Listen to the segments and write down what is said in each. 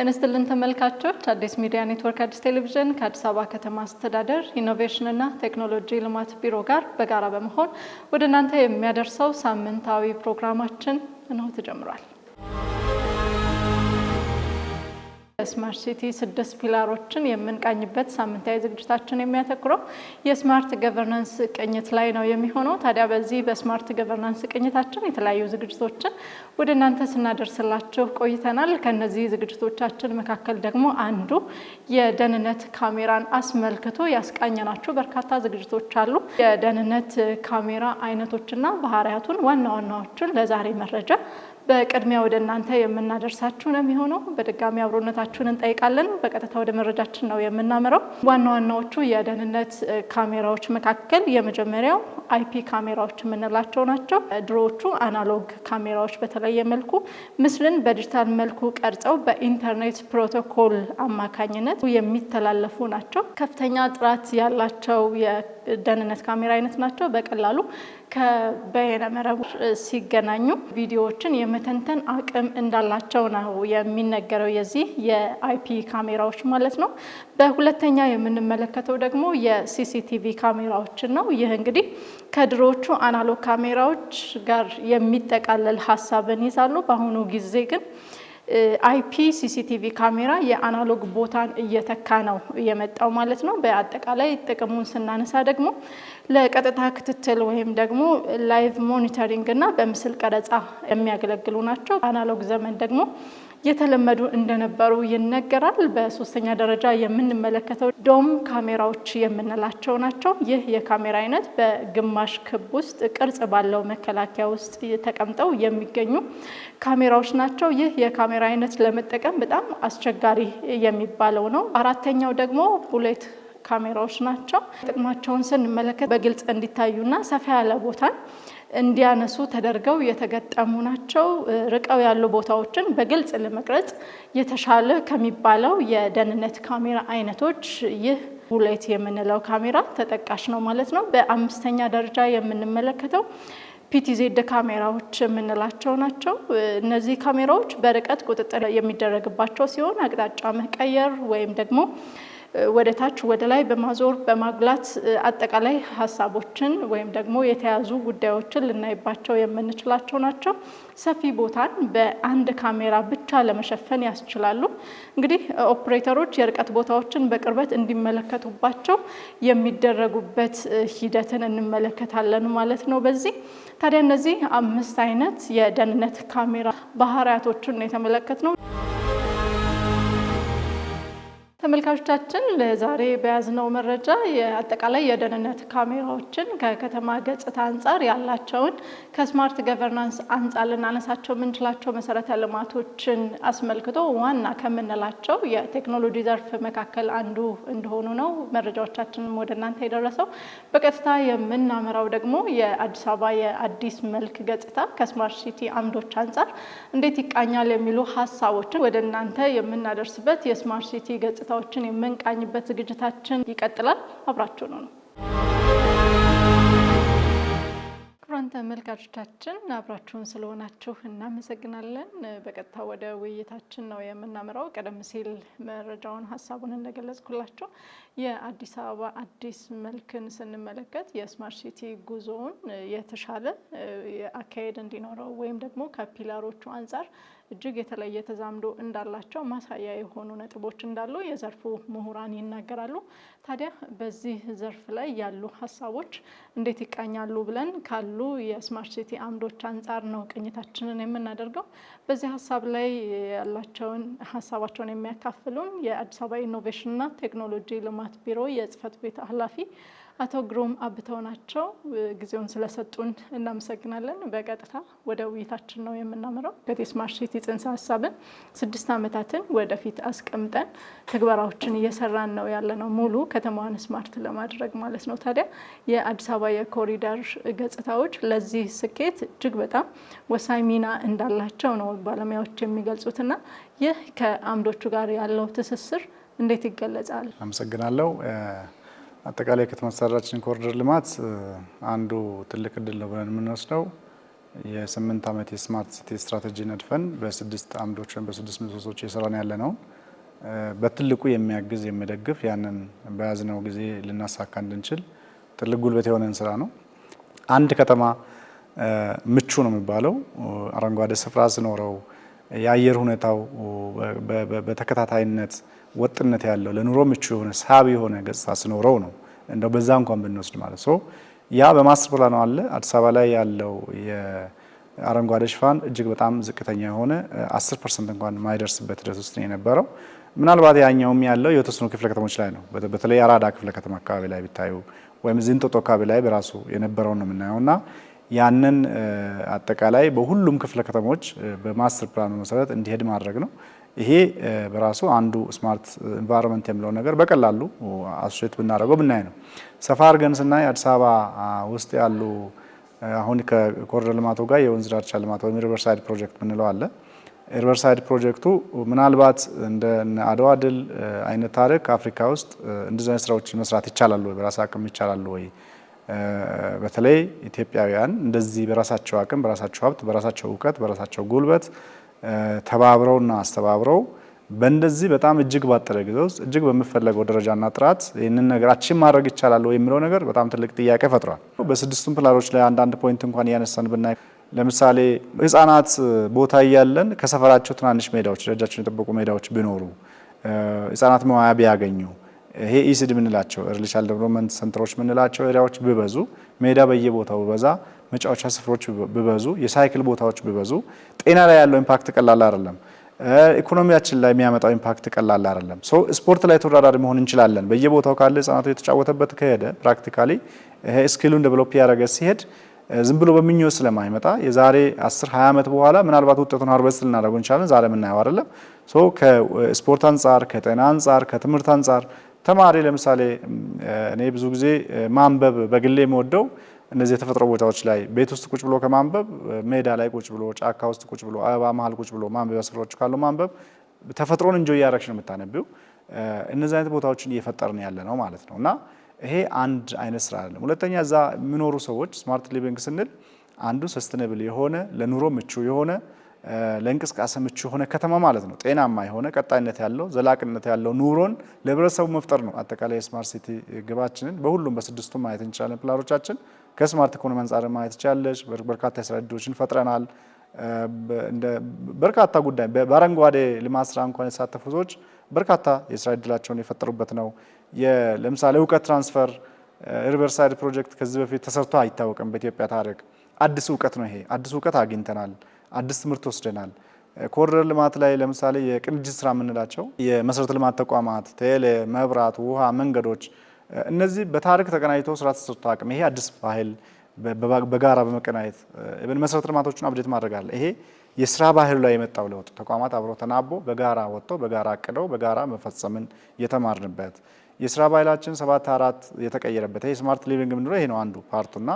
ተነስተልን ተመልካቾች አዲስ ሚዲያ ኔትወርክ አዲስ ቴሌቪዥን ከአዲስ አበባ ከተማ አስተዳደር ኢኖቬሽንና ቴክኖሎጂ ልማት ቢሮ ጋር በጋራ በመሆን ወደ እናንተ የሚያደርሰው ሳምንታዊ ፕሮግራማችን ነው ተጀምሯል። ስማርት ሲቲ ስድስት ፒላሮችን የምንቃኝበት ሳምንታዊ ዝግጅታችን የሚያተኩረው የስማርት ገቨርናንስ ቅኝት ላይ ነው የሚሆነው። ታዲያ በዚህ በስማርት ገቨርናንስ ቅኝታችን የተለያዩ ዝግጅቶችን ወደ እናንተ ስናደርስላችሁ ቆይተናል። ከነዚህ ዝግጅቶቻችን መካከል ደግሞ አንዱ የደህንነት ካሜራን አስመልክቶ ያስቃኘናችሁ በርካታ ዝግጅቶች አሉ። የደህንነት ካሜራ አይነቶችና ባህሪያቱን ዋና ዋናዎችን ለዛሬ መረጃ በቅድሚያ ወደ እናንተ የምናደርሳችሁ ነው የሚሆነው። በድጋሚ አብሮነታችሁን እንጠይቃለን። በቀጥታ ወደ መረጃችን ነው የምናመራው። ዋና ዋናዎቹ የደህንነት ካሜራዎች መካከል የመጀመሪያው አይፒ ካሜራዎች የምንላቸው ናቸው። ድሮዎቹ አናሎግ ካሜራዎች በተለየ መልኩ ምስልን በዲጂታል መልኩ ቀርጸው በኢንተርኔት ፕሮቶኮል አማካኝነት የሚተላለፉ ናቸው። ከፍተኛ ጥራት ያላቸው የደህንነት ካሜራ አይነት ናቸው። በቀላሉ ከበይነ መረብ ሲገናኙ ቪዲዮዎችን የመተንተን አቅም እንዳላቸው ነው የሚነገረው የዚህ የአይፒ ካሜራዎች ማለት ነው። በሁለተኛ የምንመለከተው ደግሞ የሲሲቲቪ ካሜራዎችን ነው። ይህ እንግዲህ ከድሮዎቹ አናሎግ ካሜራዎች ጋር የሚጠቃለል ሀሳብን ይዛሉ። በአሁኑ ጊዜ ግን አይፒ ሲሲቲቪ ካሜራ የአናሎግ ቦታን እየተካ ነው የመጣው ማለት ነው። በአጠቃላይ ጥቅሙን ስናነሳ ደግሞ ለቀጥታ ክትትል ወይም ደግሞ ላይቭ ሞኒተሪንግ እና በምስል ቀረጻ የሚያገለግሉ ናቸው። አናሎግ ዘመን ደግሞ የተለመዱ እንደነበሩ ይነገራል። በሶስተኛ ደረጃ የምንመለከተው ዶም ካሜራዎች የምንላቸው ናቸው። ይህ የካሜራ አይነት በግማሽ ክብ ውስጥ ቅርጽ ባለው መከላከያ ውስጥ ተቀምጠው የሚገኙ ካሜራዎች ናቸው። ይህ የካሜራ አይነት ለመጠቀም በጣም አስቸጋሪ የሚባለው ነው። አራተኛው ደግሞ ቡሌት ካሜራዎች ናቸው። ጥቅማቸውን ስንመለከት በግልጽ እንዲታዩና ሰፋ ያለ ቦታን እንዲያነሱ ተደርገው የተገጠሙ ናቸው። ርቀው ያሉ ቦታዎችን በግልጽ ለመቅረጽ የተሻለ ከሚባለው የደህንነት ካሜራ አይነቶች ይህ ቡሌት የምንለው ካሜራ ተጠቃሽ ነው ማለት ነው። በአምስተኛ ደረጃ የምንመለከተው ፒቲዜድ ካሜራዎች የምንላቸው ናቸው። እነዚህ ካሜራዎች በርቀት ቁጥጥር የሚደረግባቸው ሲሆን አቅጣጫ መቀየር ወይም ደግሞ ወደ ታች ወደ ላይ በማዞር በማግላት አጠቃላይ ሀሳቦችን ወይም ደግሞ የተያዙ ጉዳዮችን ልናይባቸው የምንችላቸው ናቸው። ሰፊ ቦታን በአንድ ካሜራ ብቻ ለመሸፈን ያስችላሉ። እንግዲህ ኦፕሬተሮች የርቀት ቦታዎችን በቅርበት እንዲመለከቱባቸው የሚደረጉበት ሂደትን እንመለከታለን ማለት ነው። በዚህ ታዲያ እነዚህ አምስት አይነት የደህንነት ካሜራ ባህሪያቶችን የተመለከት ነው። ተመልካቾቻችን ለዛሬ በያዝነው መረጃ የአጠቃላይ የደህንነት ካሜራዎችን ከከተማ ገጽታ አንጻር ያላቸውን ከስማርት ገቨርናንስ አንጻር ልናነሳቸው የምንችላቸው መሰረተ ልማቶችን አስመልክቶ ዋና ከምንላቸው የቴክኖሎጂ ዘርፍ መካከል አንዱ እንደሆኑ ነው መረጃዎቻችንም ወደ እናንተ የደረሰው። በቀጥታ የምናመራው ደግሞ የአዲስ አበባ የአዲስ መልክ ገጽታ ከስማርት ሲቲ አምዶች አንጻር እንዴት ይቃኛል የሚሉ ሀሳቦችን ወደ እናንተ የምናደርስበት የስማርት ሲቲ ገጽታው። ስራዎችን የምንቃኝበት ዝግጅታችን ይቀጥላል። አብራችሁ ነው። ክቡራን ተመልካቾቻችን አብራችሁን ስለሆናችሁ እናመሰግናለን። በቀጥታ ወደ ውይይታችን ነው የምናምረው ቀደም ሲል መረጃውን ሀሳቡን እንደገለጽኩላችሁ የአዲስ አበባ አዲስ መልክን ስንመለከት የስማርት ሲቲ ጉዞውን የተሻለ አካሄድ እንዲኖረው ወይም ደግሞ ከፒላሮቹ አንጻር እጅግ የተለየ ተዛምዶ እንዳላቸው ማሳያ የሆኑ ነጥቦች እንዳሉ የዘርፉ ምሁራን ይናገራሉ። ታዲያ በዚህ ዘርፍ ላይ ያሉ ሀሳቦች እንዴት ይቃኛሉ ብለን ካሉ የስማርት ሲቲ አምዶች አንጻር ነው ቅኝታችንን የምናደርገው። በዚህ ሀሳብ ላይ ያላቸውን ሀሳባቸውን የሚያካፍሉን የአዲስ አበባ ኢኖቬሽንና ቴክኖሎጂ ልማት ቢሮ የጽህፈት ቤት ኃላፊ አቶ ግሩም አብተው ናቸው። ጊዜውን ስለሰጡን እናመሰግናለን። በቀጥታ ወደ ውይይታችን ነው የምናምረው። ከቴስማርት ሲቲ ጽንሰ ሀሳብን ስድስት ዓመታትን ወደፊት አስቀምጠን ትግበራዎችን እየሰራን ነው ያለነው ሙሉ ከተማዋን ስማርት ለማድረግ ማለት ነው። ታዲያ የአዲስ አበባ የኮሪደር ገጽታዎች ለዚህ ስኬት እጅግ በጣም ወሳኝ ሚና እንዳላቸው ነው ባለሙያዎች የሚገልጹትና ይህ ከአምዶቹ ጋር ያለው ትስስር እንዴት ይገለጻል? አመሰግናለሁ። አጠቃላይ የከተማ አስተዳደራችን ኮሪደር ልማት አንዱ ትልቅ እድል ነው ብለን የምንወስደው የስምንት ዓመት የስማርት ሲቲ ስትራቴጂ ነድፈን በስድስት አምዶች ወይም በስድስት ምሰሶች እየሰራን ያለ ነው። በትልቁ የሚያግዝ የሚደግፍ ያንን በያዝነው ጊዜ ልናሳካ እንድንችል ትልቅ ጉልበት የሆነን ስራ ነው። አንድ ከተማ ምቹ ነው የሚባለው አረንጓዴ ስፍራ ስኖረው የአየር ሁኔታው በተከታታይነት ወጥነት ያለው ለኑሮ ምቹ የሆነ ሳቢ የሆነ ገጽታ ስኖረው ነው እንደው በዛ እንኳን ብንወስድ ማለት ሶ ያ በማስተር ፕላን አለ። አዲስ አበባ ላይ ያለው የአረንጓዴ ሽፋን እጅግ በጣም ዝቅተኛ የሆነ 10 ፐርሰንት እንኳን የማይደርስበት ድረስ ውስጥ ነው የነበረው። ምናልባት ያኛውም ያለው የተወሰኑ ክፍለ ከተሞች ላይ ነው። በተለይ አራዳ ክፍለ ከተማ አካባቢ ላይ ቢታዩ ወይም ዝንጦጦ አካባቢ ላይ በራሱ የነበረውን ነው የምናየው እና ያንን አጠቃላይ በሁሉም ክፍለ ከተሞች በማስተር ፕላኑ መሰረት እንዲሄድ ማድረግ ነው። ይሄ በራሱ አንዱ ስማርት ኢንቫይሮንመንት የምለው ነገር በቀላሉ አሶሴት ብናደርገው ብናይ ነው። ሰፋ አድርገን ስናይ አዲስ አበባ ውስጥ ያሉ አሁን ከኮሪደር ልማቱ ጋር የወንዝ ዳርቻ ልማት ወይም ሪቨርሳይድ ፕሮጀክት ምንለው አለ። ሪቨርሳይድ ፕሮጀክቱ ምናልባት እንደ አድዋ ድል አይነት ታሪክ አፍሪካ ውስጥ እንደዚህ አይነት ስራዎች መስራት ይቻላሉ ወይ? በራስ አቅም ይቻላሉ ወይ? በተለይ ኢትዮጵያውያን እንደዚህ በራሳቸው አቅም፣ በራሳቸው ሀብት፣ በራሳቸው እውቀት፣ በራሳቸው ጉልበት ተባብረውና አስተባብረው በእንደዚህ በጣም እጅግ ባጠረ ጊዜ ውስጥ እጅግ በሚፈለገው ደረጃና ጥራት ይህንን ነገር አችን ማድረግ ይቻላል ወይ የሚለው ነገር በጣም ትልቅ ጥያቄ ፈጥሯል። በስድስቱም ፒላሮች ላይ አንዳንድ ፖይንት እንኳን እያነሳን ብናይ ለምሳሌ ህጻናት ቦታ እያለን ከሰፈራቸው ትናንሽ ሜዳዎች ደረጃቸውን የጠበቁ ሜዳዎች ቢኖሩ፣ ህጻናት መዋያ ቢያገኙ፣ ይሄ ኢሲድ የምንላቸው ኤርሊ ቻይልድ ዴቨሎፕመንት ሰንተሮች የምንላቸው ኤሪያዎች ቢበዙ ሜዳ በየቦታው በዛ መጫወቻ ስፍሮች ብበዙ፣ የሳይክል ቦታዎች ብበዙ ጤና ላይ ያለው ኢምፓክት ቀላል አይደለም። ኢኮኖሚያችን ላይ የሚያመጣው ኢምፓክት ቀላል አይደለም። ሶ ስፖርት ላይ ተወዳዳሪ መሆን እንችላለን። በየቦታው ካለ ህጻናቱ የተጫወተበት ከሄደ ፕራክቲካሊ ይሄ ስኪሉን ዴቨሎፕ ያደረገ ሲሄድ ዝም ብሎ በምኞት ስለማይመጣ የዛሬ 10 20 ዓመት በኋላ ምናልባት ውጤቱን አርበስ ልናደርገው እንችላለን። ዛሬ የምናየው አይደለም። ሶ ከስፖርት አንጻር፣ ከጤና አንጻር፣ ከትምህርት አንጻር ተማሪ ለምሳሌ እኔ ብዙ ጊዜ ማንበብ በግሌ የምወደው እነዚህ የተፈጥሮ ቦታዎች ላይ ቤት ውስጥ ቁጭ ብሎ ከማንበብ ሜዳ ላይ ቁጭ ብሎ ጫካ ውስጥ ቁጭ ብሎ አበባ መሀል ቁጭ ብሎ ማንበቢያ ስፍራዎች ካሉ ማንበብ ተፈጥሮን እንጆ እያረግሽ ነው የምታነቢው። እነዚህ አይነት ቦታዎችን እየፈጠርን ያለ ነው ማለት ነው እና ይሄ አንድ አይነት ስራ አይደለም። ሁለተኛ እዛ የሚኖሩ ሰዎች ስማርት ሊቪንግ ስንል አንዱ ሰስተነብል የሆነ ለኑሮ ምቹ የሆነ ለእንቅስቃሴ ምቹ የሆነ ከተማ ማለት ነው። ጤናማ የሆነ ቀጣይነት ያለው ዘላቅነት ያለው ኑሮን ለህብረተሰቡ መፍጠር ነው። አጠቃላይ የስማርት ሲቲ ግባችንን በሁሉም በስድስቱ ማየት እንችላለን። ፕላኖቻችን ከስማርት ኢኮኖሚ አንጻር ማየት ይቻለች። በርካታ የስራ እድሎችን ፈጥረናል። በርካታ ጉዳይ በአረንጓዴ ልማት ስራ እንኳን የተሳተፉ ሰዎች በርካታ የስራ እድላቸውን የፈጠሩበት ነው። ለምሳሌ እውቀት ትራንስፈር ሪቨርሳይድ ፕሮጀክት ከዚህ በፊት ተሰርቶ አይታወቅም በኢትዮጵያ ታሪክ። አዲስ እውቀት ነው ይሄ። አዲስ እውቀት አግኝተናል። አዲስ ትምህርት ወስደናል። ኮሪደር ልማት ላይ ለምሳሌ የቅንጅት ስራ የምንላቸው የመሰረተ ልማት ተቋማት፣ ቴሌ፣ መብራት፣ ውሃ፣ መንገዶች እነዚህ በታሪክ ተቀናጅተው ስራ ተሰርቶ አቅም ይሄ አዲስ ባህል በጋራ በመቀናየት ብን መሰረተ ልማቶችን አብዴት ማድረግ አለ። ይሄ የስራ ባህሉ ላይ የመጣው ለውጥ ተቋማት አብረ ተናቦ በጋራ ወጥተው በጋራ አቅደው በጋራ መፈጸምን የተማርንበት የስራ ባህላችን ሰባት አራት የተቀየረበት ይሄ ስማርት ሊቪንግ የምንለው ይሄ ነው አንዱ ፓርቱና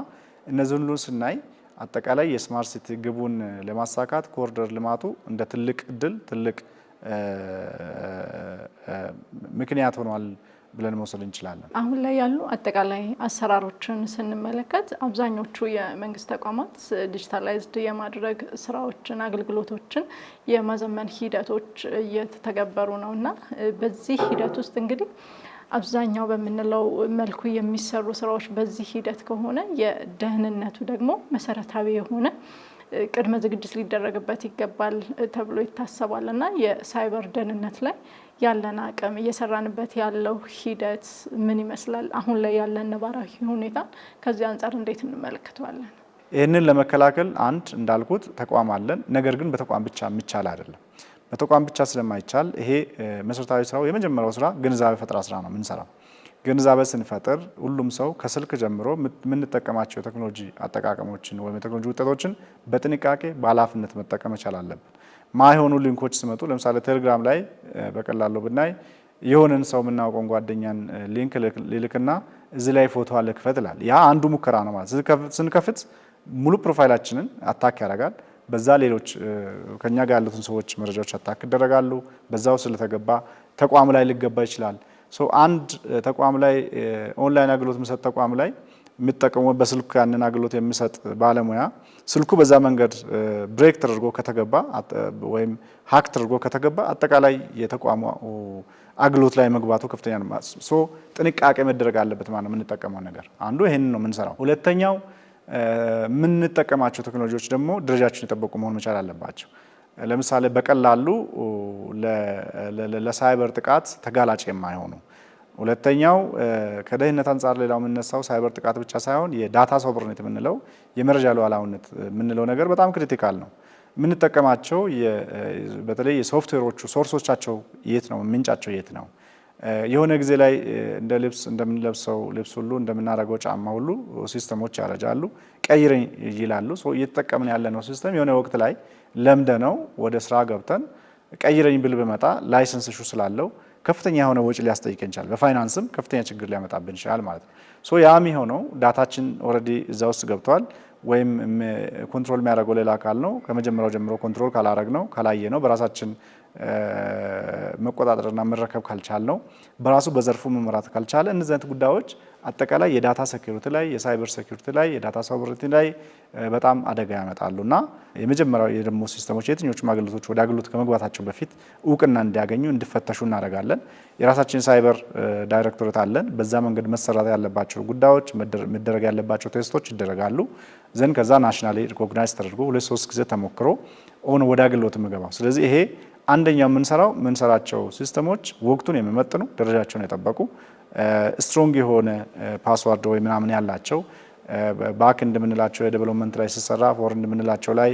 እነዚህን ሁሉ ስናይ አጠቃላይ የስማርት ሲቲ ግቡን ለማሳካት ኮሪደር ልማቱ እንደ ትልቅ እድል ትልቅ ምክንያት ሆኗል ብለን መውሰድ እንችላለን። አሁን ላይ ያሉ አጠቃላይ አሰራሮችን ስንመለከት አብዛኞቹ የመንግስት ተቋማት ዲጂታላይዝድ የማድረግ ስራዎችን፣ አገልግሎቶችን የማዘመን ሂደቶች እየተተገበሩ ነው እና በዚህ ሂደት ውስጥ እንግዲህ አብዛኛው በምንለው መልኩ የሚሰሩ ስራዎች በዚህ ሂደት ከሆነ የደህንነቱ ደግሞ መሰረታዊ የሆነ ቅድመ ዝግጅት ሊደረግበት ይገባል ተብሎ ይታሰባል እና የሳይበር ደህንነት ላይ ያለን አቅም እየሰራንበት ያለው ሂደት ምን ይመስላል? አሁን ላይ ያለን ነባራዊ ሁኔታ ከዚህ አንጻር እንዴት እንመለከተዋለን? ይህንን ለመከላከል አንድ እንዳልኩት ተቋም አለን። ነገር ግን በተቋም ብቻ የሚቻል አይደለም። በተቋም ብቻ ስለማይቻል ይሄ መሰረታዊ ስራው የመጀመሪያው ስራ ግንዛቤ ፈጠራ ስራ ነው የምንሰራው። ግንዛቤ ስንፈጥር ሁሉም ሰው ከስልክ ጀምሮ የምንጠቀማቸው የቴክኖሎጂ አጠቃቀሞችን ወይም የቴክኖሎጂ ውጤቶችን በጥንቃቄ በኃላፊነት መጠቀም መቻል አለብን። ማይሆኑ ሊንኮች ሲመጡ ለምሳሌ ቴሌግራም ላይ በቀላሉ ብናይ የሆነን ሰው የምናውቀውን ጓደኛን ሊንክ ሊልክና እዚህ ላይ ፎቶ አለ ክፈት ይላል። ያ አንዱ ሙከራ ነው ማለት ስንከፍት ሙሉ ፕሮፋይላችንን አታክ ያደርጋል። በዛ ሌሎች ከኛ ጋር ያሉትን ሰዎች መረጃዎች አታክ ይደረጋሉ። በዛው ስለተገባ ተቋም ላይ ሊገባ ይችላል። አንድ ተቋም ላይ ኦንላይን አገልግሎት የሚሰጥ ተቋም ላይ የሚጠቀሙ በስልኩ ያንን አገልግሎት የሚሰጥ ባለሙያ ስልኩ በዛ መንገድ ብሬክ ተደርጎ ከተገባ ወይም ሀክ ተደርጎ ከተገባ አጠቃላይ የተቋሙ አገልግሎት ላይ መግባቱ ከፍተኛ ነው። ጥንቃቄ መደረግ አለበት ማለት የምንጠቀመው ነገር አንዱ ይህንን ነው የምንሰራው። ሁለተኛው የምንጠቀማቸው ቴክኖሎጂዎች ደግሞ ደረጃቸውን የጠበቁ መሆን መቻል አለባቸው። ለምሳሌ በቀላሉ ለሳይበር ጥቃት ተጋላጭ የማይሆኑ ሁለተኛው ከደህንነት አንጻር ሌላው የምነሳው ሳይበር ጥቃት ብቻ ሳይሆን የዳታ ሶቨርኔት የምንለው የመረጃ ሉዓላዊነት የምንለው ነገር በጣም ክሪቲካል ነው። የምንጠቀማቸው በተለይ የሶፍትዌሮቹ ሶርሶቻቸው የት ነው? ምንጫቸው የት ነው? የሆነ ጊዜ ላይ እንደ ልብስ እንደምንለብሰው ልብስ ሁሉ እንደምናደርገው ጫማ ሁሉ ሲስተሞች ያረጃሉ፣ ቀይር ይላሉ። እየተጠቀምን ያለነው ሲስተም የሆነ ወቅት ላይ ለምደ ነው ወደ ስራ ገብተን ቀይረኝ ብል ብመጣ ላይሰንስ እሹ ስላለው ከፍተኛ የሆነ ወጪ ሊያስጠይቀን ይችላል። በፋይናንስም ከፍተኛ ችግር ሊያመጣብን ይችላል ማለት ነው። ያ የሚሆነው ዳታችን ኦልሬዲ እዛ ውስጥ ገብተዋል ወይም ኮንትሮል የሚያደርገው ሌላ አካል ነው። ከመጀመሪያው ጀምሮ ኮንትሮል ካላረግ ነው ካላየ ነው በራሳችን መቆጣጠርና መረከብ ካልቻል ነው በራሱ በዘርፉ መምራት ካልቻለ እነዚህ አይነት ጉዳዮች አጠቃላይ የዳታ ሴኩሪቲ ላይ የሳይበር ሴኩሪቲ ላይ የዳታ ሶቨሪቲ ላይ በጣም አደጋ ያመጣሉ እና የመጀመሪያው የደሞ ሲስተሞች የትኞቹም አገልግሎቶች ወደ አገልግሎት ከመግባታቸው በፊት እውቅና እንዲያገኙ እንዲፈተሹ እናደርጋለን። የራሳችን ሳይበር ዳይሬክቶሬት አለን። በዛ መንገድ መሰራት ያለባቸው ጉዳዮች፣ መደረግ ያለባቸው ቴስቶች ይደረጋሉ። ዘንድ ከዛ ናሽናሊ ሪኮግናይዝ ተደርጎ ሁለት ሶስት ጊዜ ተሞክሮ ሆኖ ወደ አገልግሎት የሚገባው ስለዚህ ይሄ አንደኛው የምንሰራው የምንሰራቸው ሲስተሞች ወቅቱን የሚመጥኑ ደረጃቸውን የጠበቁ ስትሮንግ የሆነ ፓስዋርድ ወይ ምናምን ያላቸው ባክ እንደምንላቸው ላይ ላይ ሲሰራ ፎር እንደምንላቸው ላይ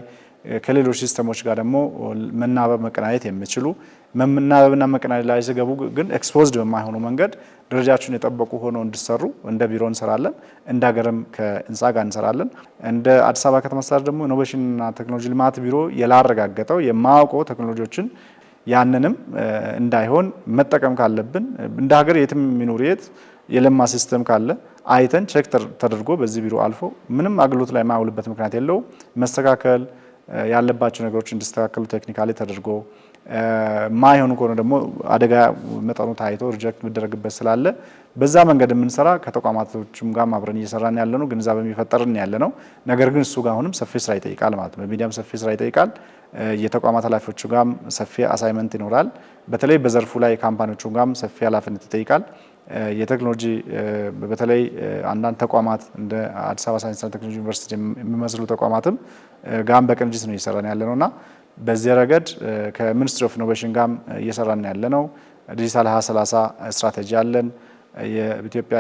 ከሌሎች ሲስተሞች ጋር ደግሞ መናበብ መቀናየት የሚችሉ መናበብና መቀናየት ላይ ሲገቡ ግን ኤክስፖዝድ በማይሆኑ መንገድ ደረጃቸውን የጠበቁ ሆነው እንዲሰሩ እንደ ቢሮ እንሰራለን፣ እንደ ሀገርም ከህንፃ ጋር እንሰራለን። እንደ አዲስ አበባ ከተማ አስተዳደር ደግሞ ኢኖቬሽንና ቴክኖሎጂ ልማት ቢሮ ያላረጋገጠው የማያውቀው ቴክኖሎጂዎችን ያንንም እንዳይሆን መጠቀም ካለብን እንደ ሀገር የትም የሚኖር የት የለማ ሲስተም ካለ አይተን ቼክ ተደርጎ በዚህ ቢሮ አልፎ ምንም አገልግሎት ላይ የማያውልበት ምክንያት የለው መስተካከል ያለባቸው ነገሮች እንዲስተካከሉ ቴክኒካሊ ተደርጎ ማይሆኑ ከሆነ ደግሞ አደጋ መጠኑ ታይቶ ሪጀክት የሚደረግበት ስላለ በዛ መንገድ የምንሰራ ከተቋማቶችም ጋር አብረን እየሰራን ያለ ነው፣ ግንዛቤ የሚፈጠርን ያለ ነው። ነገር ግን እሱ ጋር አሁንም ሰፊ ስራ ይጠይቃል ማለት ነው። በሚዲያም ሰፊ ስራ ይጠይቃል። የተቋማት ኃላፊዎቹ ጋርም ሰፊ አሳይመንት ይኖራል። በተለይ በዘርፉ ላይ ካምፓኒዎቹ ጋም ሰፊ ኃላፊነት ይጠይቃል። የቴክኖሎጂ በተለይ አንዳንድ ተቋማት እንደ አዲስ አበባ ሳይንስና ቴክኖሎጂ ዩኒቨርሲቲ የሚመስሉ ተቋማትም ጋም በቅንጅት ነው እየሰራን ያለ ነው እና በዚህ ረገድ ከሚኒስትሪ ኦፍ ኢኖቬሽን ጋም እየሰራን ያለ ነው። ዲጂታል 2030 ስትራቴጂ አለን። የኢትዮጵያ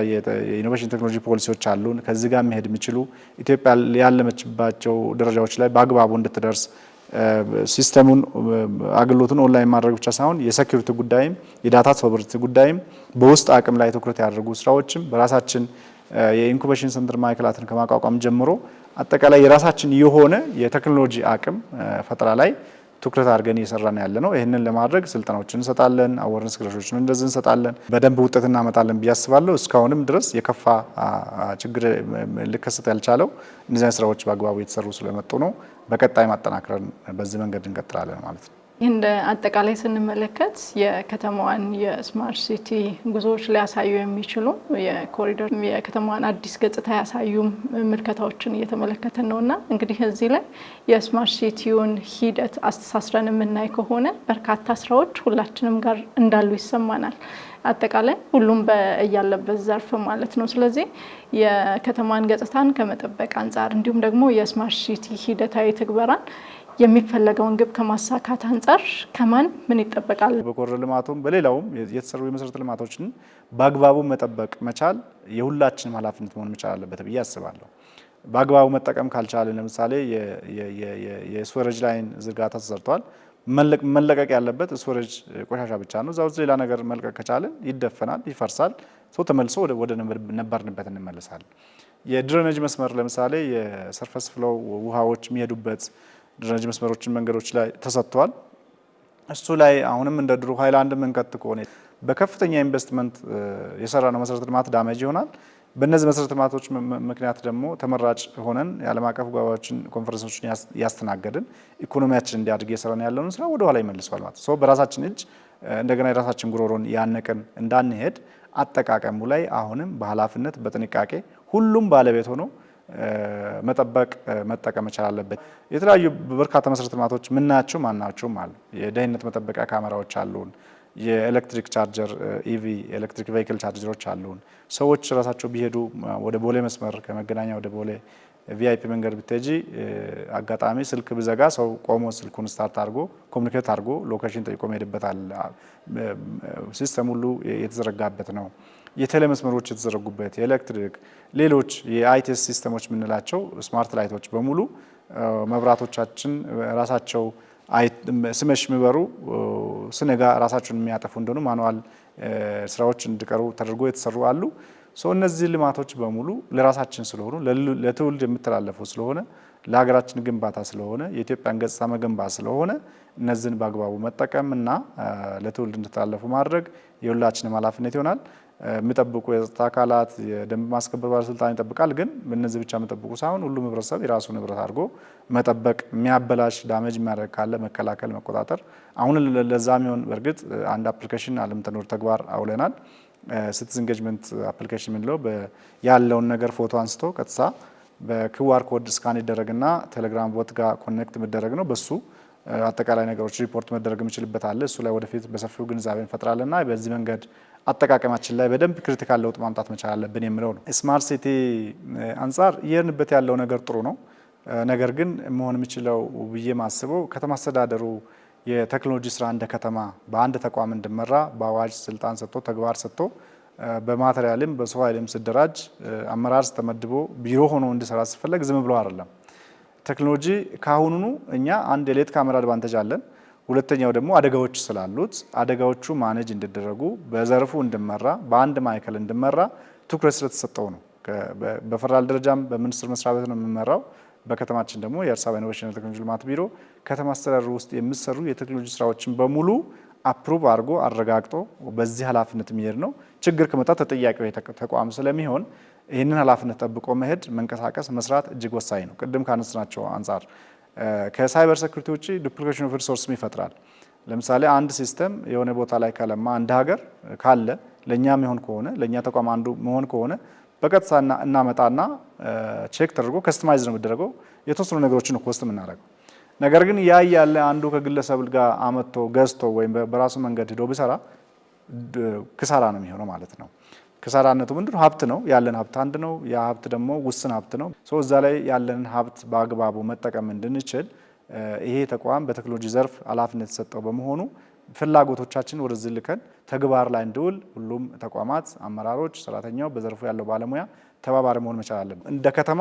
የኢኖቬሽን ቴክኖሎጂ ፖሊሲዎች አሉን። ከዚህ ጋር መሄድ የሚችሉ ኢትዮጵያ ያለመችባቸው ደረጃዎች ላይ በአግባቡ እንድትደርስ ሲስተሙን አገልግሎቱን ኦንላይን ማድረግ ብቻ ሳይሆን የሴኩሪቲ ጉዳይም የዳታ ሶቨሬንቲ ጉዳይም በውስጥ አቅም ላይ ትኩረት ያደርጉ ስራዎችም በራሳችን የኢንኩቤሽን ሴንተር ማዕከላትን ከማቋቋም ጀምሮ አጠቃላይ የራሳችን የሆነ የቴክኖሎጂ አቅም ፈጠራ ላይ ትኩረት አድርገን እየሰራን ያለ ነው። ይህንን ለማድረግ ስልጠናዎችን እንሰጣለን፣ አዋርነስ ክላሾችን እንደዚህ እንሰጣለን። በደንብ ውጤት እናመጣለን ብዬ አስባለሁ። እስካሁንም ድረስ የከፋ ችግር ልከሰት ያልቻለው እነዚያ ስራዎች በአግባቡ የተሰሩ ስለመጡ ነው። በቀጣይ ማጠናክረን በዚህ መንገድ እንቀጥላለን ማለት ነው። እንደ አጠቃላይ ስንመለከት የከተማዋን የስማርት ሲቲ ጉዞዎች ሊያሳዩ የሚችሉ የኮሪደር የከተማዋን አዲስ ገጽታ ያሳዩ ምልከታዎችን እየተመለከተ ነው እና እንግዲህ እዚህ ላይ የስማርት ሲቲውን ሂደት አስተሳስረን የምናይ ከሆነ በርካታ ስራዎች ሁላችንም ጋር እንዳሉ ይሰማናል። አጠቃላይ ሁሉም በእያለበት ዘርፍ ማለት ነው። ስለዚህ የከተማን ገጽታን ከመጠበቅ አንጻር እንዲሁም ደግሞ የስማርት ሲቲ ሂደታዊ ትግበራን የሚፈለገውን ግብ ከማሳካት አንጻር ከማን ምን ይጠበቃል? በኮሪደር ልማቱም በሌላውም የተሰሩ የመሰረተ ልማቶችን በአግባቡ መጠበቅ መቻል የሁላችንም ኃላፊነት መሆን መቻል አለበት ብዬ አስባለሁ። በአግባቡ መጠቀም ካልቻለን፣ ለምሳሌ የስወረጅ ላይን ዝርጋታ ተሰርቷል። መለቀቅ ያለበት ስቶሬጅ ቆሻሻ ብቻ ነው። እዛ ውስጥ ሌላ ነገር መልቀቅ ከቻልን ይደፈናል፣ ይፈርሳል፣ ሰው ተመልሶ ወደ ነበርንበት እንመለሳለን። የድረነጅ መስመር ለምሳሌ የሰርፈስ ፍሎ ውሃዎች የሚሄዱበት ድረነጅ መስመሮችን መንገዶች ላይ ተሰጥቷል። እሱ ላይ አሁንም እንደ ድሮ ሀይላንድ መንከት ከሆነ በከፍተኛ ኢንቨስትመንት የሰራ ነው መሰረተ ልማት ዳመጅ ይሆናል። በእነዚህ መሰረተ ልማቶች ምክንያት ደግሞ ተመራጭ ሆነን የዓለም አቀፍ ጉባኤዎችን፣ ኮንፈረንሶችን ያስተናገድን ኢኮኖሚያችን እንዲያድግ የሰራን ያለውን ስራ ወደኋላ ይመልሰዋል ማለት ነው። በራሳችን እጅ እንደገና የራሳችን ጉሮሮን ያነቅን እንዳንሄድ አጠቃቀሙ ላይ አሁንም በኃላፊነት በጥንቃቄ ሁሉም ባለቤት ሆኖ መጠበቅ መጠቀም መቻል አለበት። የተለያዩ በርካታ መሰረተ ልማቶች ምናቸው ማናቸውም አሉ። የደህንነት መጠበቂያ ካሜራዎች አሉን። የኤሌክትሪክ ቻርጀር ኢቪ ኤሌክትሪክ ቬይክል ቻርጀሮች አሉን። ሰዎች ራሳቸው ቢሄዱ ወደ ቦሌ መስመር ከመገናኛ ወደ ቦሌ ቪአይፒ መንገድ ብትጂ አጋጣሚ ስልክ ብዘጋ ሰው ቆሞ ስልኩን ስታርት አድርጎ ኮሚኒኬት አድርጎ ሎኬሽን ጠይቆ መሄድበታል። ሲስተም ሁሉ የተዘረጋበት ነው። የቴሌ መስመሮች የተዘረጉበት የኤሌክትሪክ ሌሎች የአይቲኤስ ሲስተሞች የምንላቸው ስማርት ላይቶች በሙሉ መብራቶቻችን ራሳቸው ስመሽ የሚበሩ ስነጋ ራሳቸውን የሚያጠፉ እንደሆኑ ማኑዋል ስራዎች እንዲቀሩ ተደርጎ የተሰሩ አሉ። እነዚህ ልማቶች በሙሉ ለራሳችን ስለሆኑ ለትውልድ የሚተላለፉ ስለሆነ ለሀገራችን ግንባታ ስለሆነ የኢትዮጵያን ገጽታ መገንባት ስለሆነ እነዚህን በአግባቡ እና ለትውልድ እንዲተላለፉ ማድረግ የሁላችንም ኃላፊነት ይሆናል። የሚጠብቁ የጸጥታ አካላት፣ የደንብ ማስከበር ባለስልጣን ይጠብቃል። ግን እነዚህ ብቻ የሚጠብቁ ሳይሆን ሁሉም ህብረተሰብ የራሱ ንብረት አድርጎ መጠበቅ የሚያበላሽ ዳመጅ የሚያደርግ ካለ መከላከል፣ መቆጣጠር አሁን ለዛ የሚሆን በእርግጥ አንድ አፕሊኬሽን አለም ተኖር ተግባር አውለናል። ሲቲዝ ኢንጌጅመንት አፕሊኬሽን የምንለው ያለውን ነገር ፎቶ አንስቶ ቀጥታ በኪዋር ኮድ ስካን ይደረግና ቴሌግራም ቦት ጋር ኮኔክት የሚደረግ ነው። በሱ አጠቃላይ ነገሮች ሪፖርት መደረግ የምችልበት አለ። እሱ ላይ ወደፊት በሰፊው ግንዛቤ እንፈጥራለንና በዚህ መንገድ አጠቃቀማችን ላይ በደንብ ክሪቲካል ለውጥ ማምጣት መቻል አለብን የሚለው ነው። ስማርት ሲቲ አንጻር እየሄድንበት ያለው ነገር ጥሩ ነው። ነገር ግን መሆን የምችለው ብዬ ማስበው ከተማ አስተዳደሩ የቴክኖሎጂ ስራ እንደ ከተማ በአንድ ተቋም እንዲመራ በአዋጅ ስልጣን ሰጥቶ ተግባር ሰጥቶ በማቴሪያልም በሰው ኃይልም አመራር ስተመድቦ ቢሮ ሆኖ እንዲሰራ ሲፈለግ ዝም ብሎ አይደለም። ቴክኖሎጂ ካሁኑኑ እኛ አንድ የሌት ካሜራ አድቫንቴጅ አለን ሁለተኛው ደግሞ አደጋዎች ስላሉት አደጋዎቹ ማነጅ እንዲደረጉ በዘርፉ እንድመራ በአንድ ማዕከል እንድመራ ትኩረት ስለተሰጠው ነው። በፌደራል ደረጃም በሚኒስቴር መስሪያ ቤት ነው የምመራው። በከተማችን ደግሞ የአዲስ አበባ ኢኖቬሽንና ቴክኖሎጂ ልማት ቢሮ ከተማ አስተዳደሩ ውስጥ የሚሰሩ የቴክኖሎጂ ስራዎችን በሙሉ አፕሩቭ አድርጎ አረጋግጦ በዚህ ኃላፊነት የሚሄድ ነው። ችግር ከመጣ ተጠያቂው ተቋም ስለሚሆን ይህንን ኃላፊነት ጠብቆ መሄድ፣ መንቀሳቀስ፣ መስራት እጅግ ወሳኝ ነው። ቅድም ካነስናቸው አንጻር ከሳይበር ሴኩሪቲ ውጭ ዱፕሊኬሽን ኦፍ ሪሶርስም ይፈጥራል። ለምሳሌ አንድ ሲስተም የሆነ ቦታ ላይ ከለማ አንድ ሀገር ካለ ለእኛ የሚሆን ከሆነ ለእኛ ተቋም አንዱ መሆን ከሆነ በቀጥታ እናመጣና ቼክ ተደርጎ ከስተማይዝ ነው የሚደረገው። የተወሰኑ ነገሮችን ኮስት የምናደርገው። ነገር ግን ያ ያለ አንዱ ከግለሰብ ጋር አመጥቶ ገዝቶ ወይም በራሱ መንገድ ሂዶ ብሰራ ክሳራ ነው የሚሆነው ማለት ነው። ከሳራነቱ ምንድን ነው? ሀብት ነው። ያለን ሀብት አንድ ነው። ያ ሀብት ደግሞ ውስን ሀብት ነው። ሰው እዛ ላይ ያለን ሀብት በአግባቡ መጠቀም እንድንችል ይሄ ተቋም በቴክኖሎጂ ዘርፍ ኃላፊነት የተሰጠው በመሆኑ ፍላጎቶቻችን ወደዚህ ልከን ተግባር ላይ እንድውል ሁሉም ተቋማት፣ አመራሮች፣ ሰራተኛው፣ በዘርፉ ያለው ባለሙያ ተባባሪ መሆን መቻል አለብን። እንደ ከተማ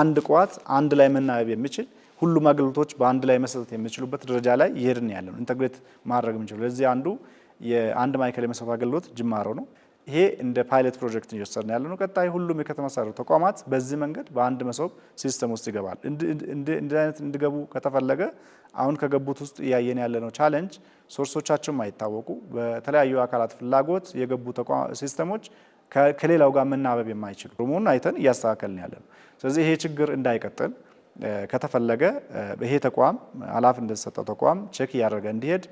አንድ ቋት አንድ ላይ መናበብ የሚችል ሁሉም አገልግሎቶች በአንድ ላይ መሰጠት የሚችሉበት ደረጃ ላይ ይሄድን ያለ ነው ኢንተግሬት ማድረግ የሚችሉ ለዚህ አንዱ የአንድ ማዕከል የመሰረት አገልግሎት ጅማሮ ነው። ይሄ እንደ ፓይለት ፕሮጀክት እየወሰድን ያለ ነው። ቀጣይ ሁሉም የከተማ አስተዳደር ተቋማት በዚህ መንገድ በአንድ መሶብ ሲስተም ውስጥ ይገባል። እንዲህ አይነት እንዲገቡ ከተፈለገ አሁን ከገቡት ውስጥ እያየን ያለ ነው ቻለንጅ ሶርሶቻቸው ማይታወቁ በተለያዩ አካላት ፍላጎት የገቡ ሲስተሞች ከሌላው ጋር መናበብ የማይችሉ ሩሙን አይተን እያስተካከልን ያለ ነው። ስለዚህ ይሄ ችግር እንዳይቀጥል ከተፈለገ ይሄ ተቋም ኃላፊነት እንደተሰጠው ተቋም ቼክ እያደረገ እንዲሄድ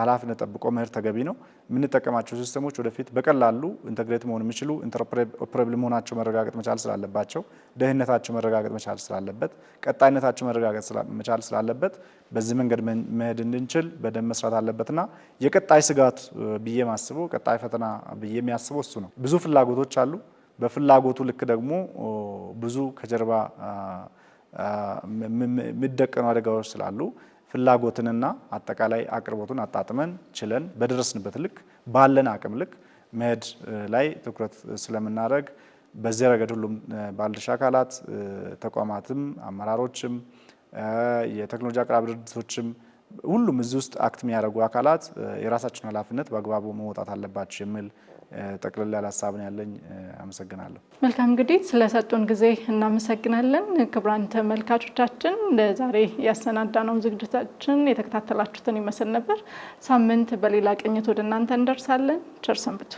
ኃላፊነት ጠብቆ መሄድ ተገቢ ነው። የምንጠቀማቸው ሲስተሞች ወደፊት በቀላሉ ኢንተግሬት መሆን የሚችሉ ኢንተርኦፕሬብል መሆናቸው መረጋገጥ መቻል ስላለባቸው፣ ደህንነታቸው መረጋገጥ መቻል ስላለበት፣ ቀጣይነታቸው መረጋገጥ መቻል ስላለበት በዚህ መንገድ መሄድ እንድንችል በደንብ መስራት አለበትና የቀጣይ ስጋት ብዬ ማስበው ቀጣይ ፈተና ብዬ የሚያስበው እሱ ነው። ብዙ ፍላጎቶች አሉ። በፍላጎቱ ልክ ደግሞ ብዙ ከጀርባ የሚደቀኑ አደጋዎች ስላሉ ፍላጎትንና አጠቃላይ አቅርቦቱን አጣጥመን ችለን በደረስንበት ልክ ባለን አቅም ልክ መሄድ ላይ ትኩረት ስለምናደርግ በዚህ ረገድ ሁሉም ባለድርሻ አካላት ተቋማትም፣ አመራሮችም፣ የቴክኖሎጂ አቅራቢ ድርጅቶችም ሁሉም እዚህ ውስጥ አክት የሚያደርጉ አካላት የራሳችን ኃላፊነት በአግባቡ መውጣት አለባቸው የሚል ጠቅልላ ያለ ሀሳብ ነው ያለኝ። አመሰግናለሁ። መልካም እንግዲህ ስለሰጡን ጊዜ እናመሰግናለን። ክቡራን ተመልካቾቻችን ለዛሬ ያሰናዳነው ዝግጅታችን የተከታተላችሁትን ይመስል ነበር። ሳምንት በሌላ ቅኝት ወደ እናንተ እንደርሳለን። ቸር ሰንብቱ።